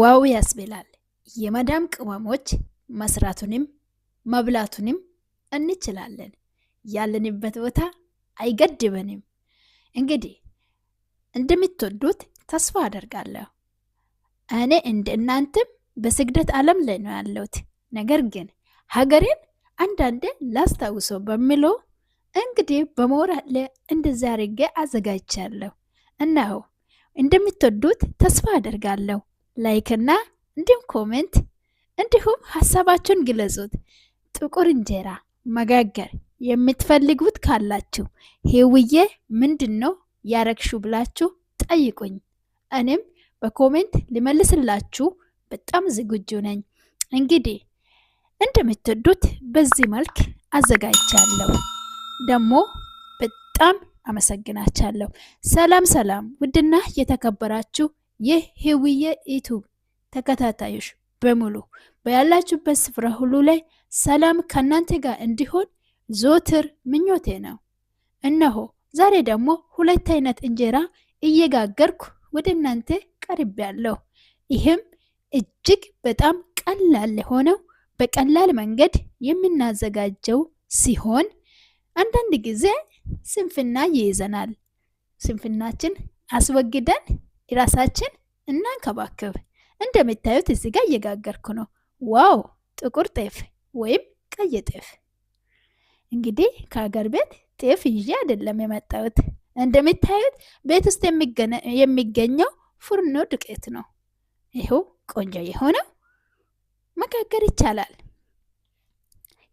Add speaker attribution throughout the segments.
Speaker 1: ዋው ያስብላል። የመዳም ቅመሞች መስራቱንም መብላቱንም እንችላለን። ያለንበት ቦታ አይገድበንም። እንግዲህ እንደምትወዱት ተስፋ አደርጋለሁ። እኔ እንደ እናንተም በስግደት ዓለም ላይ ነው ያለሁት። ነገር ግን ሀገሬን አንዳንዴ ላስታውሶ በሚሎ እንግዲህ በመውራት ላይ እንደዛ አድርጌ አዘጋጅቻለሁ። እናሁ እንደምትወዱት ተስፋ አደርጋለሁ። እና እንዲሁም ኮሜንት እንዲሁም ሀሳባችሁን ግለጹት። ጥቁር እንጀራ መጋገር የምትፈልጉት ካላችሁ ሄውዬ ምንድን ነው ያረግሹ ብላችሁ ጠይቁኝ። እኔም በኮሜንት ልመልስላችሁ በጣም ዝግጁ ነኝ። እንግዲህ እንደምትወዱት በዚህ መልክ አዘጋጅቻለሁ። ደግሞ በጣም አመሰግናችኋለሁ። ሰላም ሰላም! ውድና የተከበራችሁ ይህ ህውየ ኢቱብ ተከታታዮች በሙሉ በያላችሁበት ስፍራ ሁሉ ላይ ሰላም ከእናንተ ጋር እንዲሆን ዞትር ምኞቴ ነው። እነሆ ዛሬ ደግሞ ሁለት አይነት እንጀራ እየጋገርኩ ወደ እናንተ ቀርቤያለሁ። ይህም እጅግ በጣም ቀላል የሆነው በቀላል መንገድ የምናዘጋጀው ሲሆን አንዳንድ ጊዜ ስንፍና ይይዘናል። ስንፍናችን አስወግደን ራሳችን እናንከባክብ። እንደምታዩት እዚ ጋር እየጋገርኩ ነው። ዋው! ጥቁር ጤፍ ወይም ቀይ ጤፍ። እንግዲህ ከሀገር ቤት ጤፍ ይዤ አይደለም የመጣሁት። እንደምታዩት ቤት ውስጥ የሚገኘው ፉርኖ ዱቄት ነው። ይኸው ቆንጆ የሆነው መጋገር ይቻላል።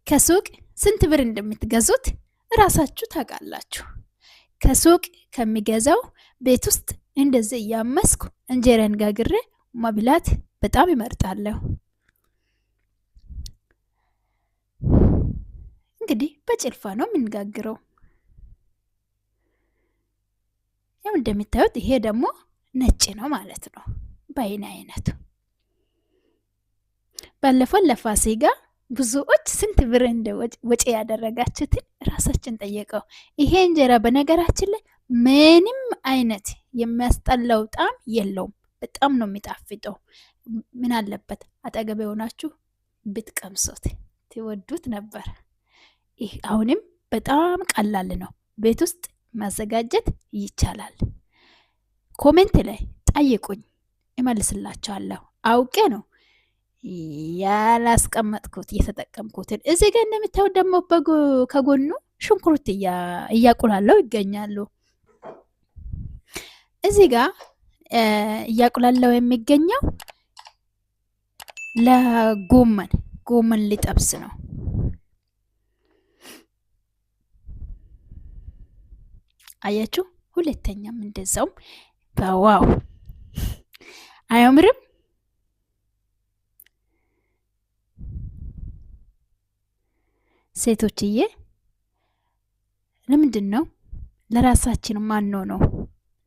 Speaker 1: ከሱቅ ስንት ብር እንደምትገዙት እራሳችሁ ታውቃላችሁ። ከሱቅ ከሚገዛው ቤት ውስጥ እንደዚህ እያመስኩ እንጀራን ጋግሬ መብላት በጣም ይመርጣለሁ። እንግዲህ በጭልፋ ነው የምንጋግረው። ያው እንደሚታዩት ይሄ ደግሞ ነጭ ነው ማለት ነው። በአይን አይነቱ ባለፈው ለፋሲካ ብዙዎች ስንት ብር እንደ ወጪ ያደረጋችሁትን ራሳችን ጠየቀው። ይሄ እንጀራ በነገራችን ላይ ምንም አይነት የሚያስጠላው ጣዕም የለውም። በጣም ነው የሚጣፍጠው። ምን አለበት አጠገብ የሆናችሁ ብትቀምሶት ትወዱት ነበር። ይህ አሁንም በጣም ቀላል ነው፣ ቤት ውስጥ ማዘጋጀት ይቻላል። ኮሜንት ላይ ጠይቁኝ፣ እመልስላችኋለሁ። አውቄ ነው ያላስቀመጥኩት እየተጠቀምኩትን እዚህ ጋር እንደምታዩት ደግሞ ከጎኑ ሽንኩርት እያቁላለው ይገኛሉ። እዚህ ጋር እያቁላለው የሚገኘው ለጎመን ጎመን ሊጠብስ ነው። አያችሁ፣ ሁለተኛም እንደዛውም በዋው አያምርም? ሴቶችዬ ለምንድን ነው ለራሳችን ማን ነው ነው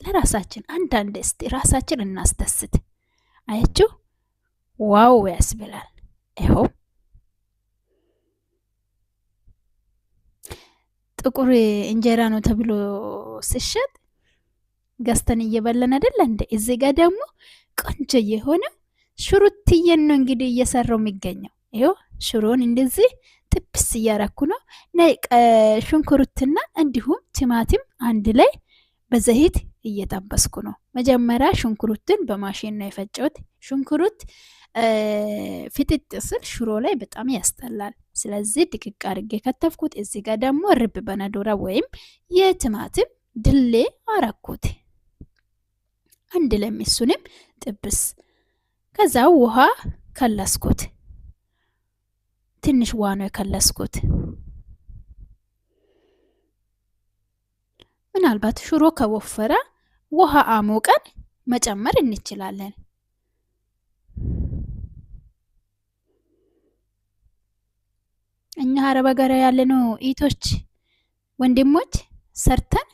Speaker 1: ለራሳችን አንዳንድ እስቲ ራሳችን እናስደስት። አያችሁ ዋው ያስብላል። ይኸው ጥቁር እንጀራ ነው ተብሎ ሲሸጥ ገዝተን እየበለን አይደለ እንደ እዚህ ጋር ደግሞ ቆንጆ የሆነ ሽሩትዬን ነው እንግዲህ እየሰራው የሚገኘው። ይኸው ሽሮን እንደዚህ ጥብስ እያረኩ ነው። ሽንኩርትና እንዲሁም ቲማቲም አንድ ላይ በዘይት እየጠበስኩ ነው። መጀመሪያ ሽንኩሩትን በማሽን ነው የፈጨሁት። ሽንኩርት ፍጥጥ ስል ሽሮ ላይ በጣም ያስጠላል። ስለዚህ ድቅቅ አድርጌ ከተፍኩት። እዚ ጋር ደግሞ ርብ በነዶራ ወይም የቲማቲም ድሌ አረኩት አንድ ለሚሱንም ጥብስ። ከዛ ውሃ ከለስኩት። ትንሽ ውሃ ነው የከለስኩት። ምናልባት ሽሮ ከወፈረ ውሃ አሞቀን መጨመር እንችላለን። እኛ አረብ ሀገር ያለነው ኢቶች ወንድሞች ሰርተን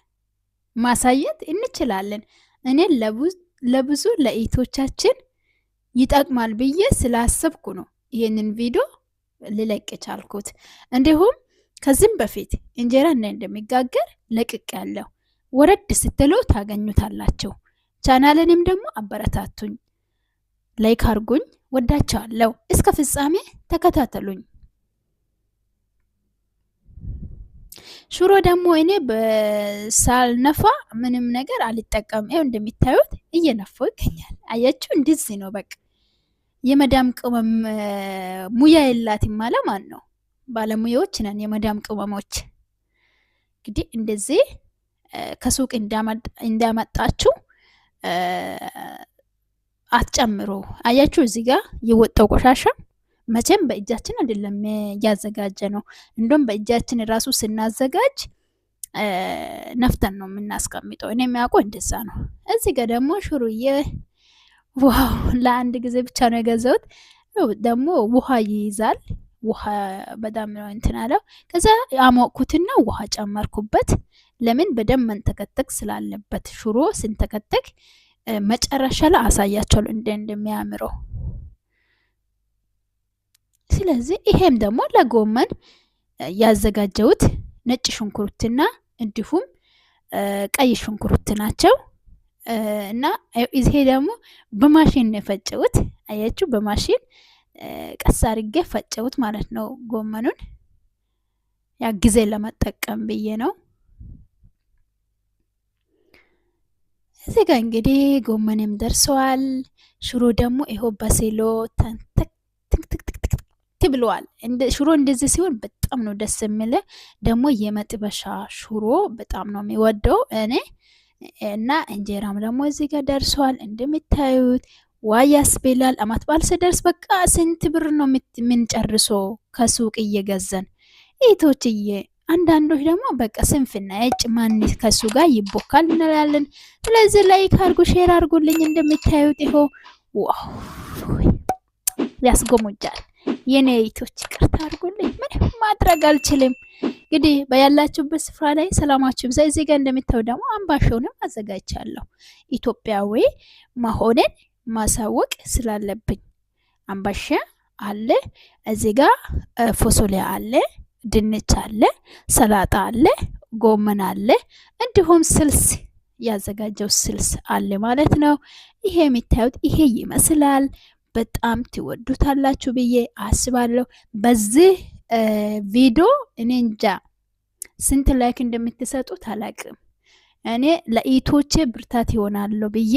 Speaker 1: ማሳየት እንችላለን። እኔ ለብዙ ለኢቶቻችን ይጠቅማል ብዬ ስላሰብኩ ነው ይህንን ቪዲዮ ልለቅ ቻልኩት። እንዲሁም ከዚህም በፊት እንጀራ እንደሚጋገር ለቅቅ ያለው ወረድ ስትሉ ታገኙታላችሁ። ቻናልንም ደግሞ አበረታቱኝ፣ ላይክ አርጉኝ። ወዳቸዋለሁ። እስከ ፍጻሜ ተከታተሉኝ። ሽሮ ደግሞ እኔ ሳልነፋ ምንም ነገር አልጠቀም። ይኸው እንደሚታዩት እየነፋው ይገኛል። አያችሁ፣ እንደዚህ ነው በቃ። የመዳም ቅመም ሙያ የላትም ማለ ማን ነው? ባለሙያዎች ነን የመዳም ቅመሞች። እንግዲህ እንደዚህ ከሱቅ እንዳመጣችሁ አትጨምሮ አያችሁ እዚህ ጋር የወጣው ቆሻሻ መቼም በእጃችን አይደለም እያዘጋጀ ነው። እንደውም በእጃችን ራሱ ስናዘጋጅ ነፍተን ነው የምናስቀምጠው። እኔ የሚያውቀው እንደዛ ነው። እዚህ ጋር ደግሞ ሽሩዬ ዋው! ለአንድ ጊዜ ብቻ ነው የገዛሁት። ደግሞ ውሃ ይይዛል። ውሃ በጣም ነው እንትን አለው። ከዛ አሞቅኩትና ውሃ ጨመርኩበት። ለምን በደንብ መንተከተክ ስላለበት ሽሮ ስንተከተክ መጨረሻ ላይ አሳያቸዋለሁ እንደ እንደሚያምረው። ስለዚህ ይሄም ደግሞ ለጎመን ያዘጋጀሁት ነጭ ሽንኩርትና እንዲሁም ቀይ ሽንኩርት ናቸው እና ይሄ ደግሞ በማሽን ነው የፈጨሁት። አያችሁ፣ በማሽን ቀስ አድርጌ ፈጨሁት ማለት ነው። ጎመኑን ያ ጊዜ ለመጠቀም ብዬ ነው። እዚህ ጋር እንግዲህ ጎመንም ደርሰዋል። ሽሮ ደግሞ ይኸው በሴሎ ትክትክትክት ብለዋል። ሽሮ እንደዚህ ሲሆን በጣም ነው ደስ የሚል። ደግሞ የመጥበሻ ሽሮ በጣም ነው የሚወደው እኔ እና እንጀራም ደግሞ እዚህ ጋር ደርሰዋል እንደምታዩት ዋያስ ቤላል አመት በዓል ስደርስ በቃ ስንት ብር ነው የምንጨርሶ ከሱቅ እየገዘን ኢቶችዬ አንዳንዶች ደግሞ በቃ ስንፍና እጭ ማን ከሱ ጋር ይቦካል እንላለን። ስለዚህ ላይክ አርጉ፣ ሼር አርጉልኝ። እንደምታዩት ይሆ ዋው ያስጎሙጃል። የኔ ይቶች ይቅርታ አርጉልኝ፣ ምን ማድረግ አልችልም። እንግዲህ በያላችሁበት ስፍራ ላይ ሰላማችሁ ብዛ። እዚህ ጋር እንደምታዩ ደግሞ አምባሻውንም አዘጋጅቻለሁ። ኢትዮጵያዊ መሆንን ማሳወቅ ስላለብኝ አምባሻ አለ፣ እዚህ ጋር ፎሶሊያ አለ ድንች አለ፣ ሰላጣ አለ፣ ጎመን አለ፣ እንዲሁም ስልስ ያዘጋጀው ስልስ አለ ማለት ነው። ይሄ የሚታዩት ይሄ ይመስላል። በጣም ትወዱታላችሁ ብዬ አስባለሁ። በዚህ ቪዲዮ እኔ እንጃ ስንት ላይክ እንደምትሰጡት አላቅም። እኔ ለኢቶቼ ብርታት ይሆናለሁ ብዬ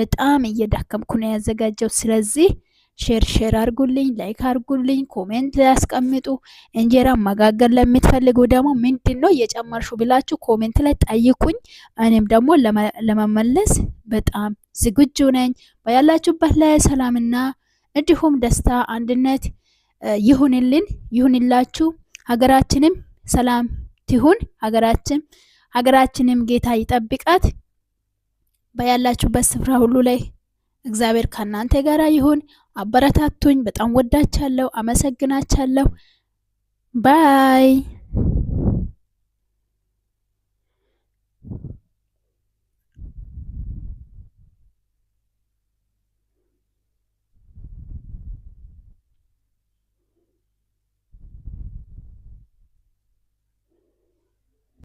Speaker 1: በጣም እየዳከምኩ ነው ያዘጋጀው ስለዚህ ሼር ሼር አርጉልኝ፣ ላይክ አርጉልኝ፣ ኮሜንት ያስቀምጡ። እንጀራ መጋገር ለምትፈልጉ ደግሞ ምንድን ነው እየጨመርሹ ብላችሁ ኮሜንት ላይ ጠይቁኝ። እኔም ደግሞ ለመመለስ በጣም ዝግጁ ነኝ። በያላችሁበት ላይ ሰላምና እንዲሁም ደስታ አንድነት ይሁንልን ይሁንላችሁ። ሀገራችንም ሰላም ትሁን። ሀገራችን ሀገራችንም ጌታ ይጠብቃት። በያላችሁበት ስፍራ ሁሉ ላይ እግዚአብሔር ከእናንተ ጋር ይሁን። አበረታቱኝ። በጣም ወዳቻለሁ፣ አመሰግናቻለሁ። ባይ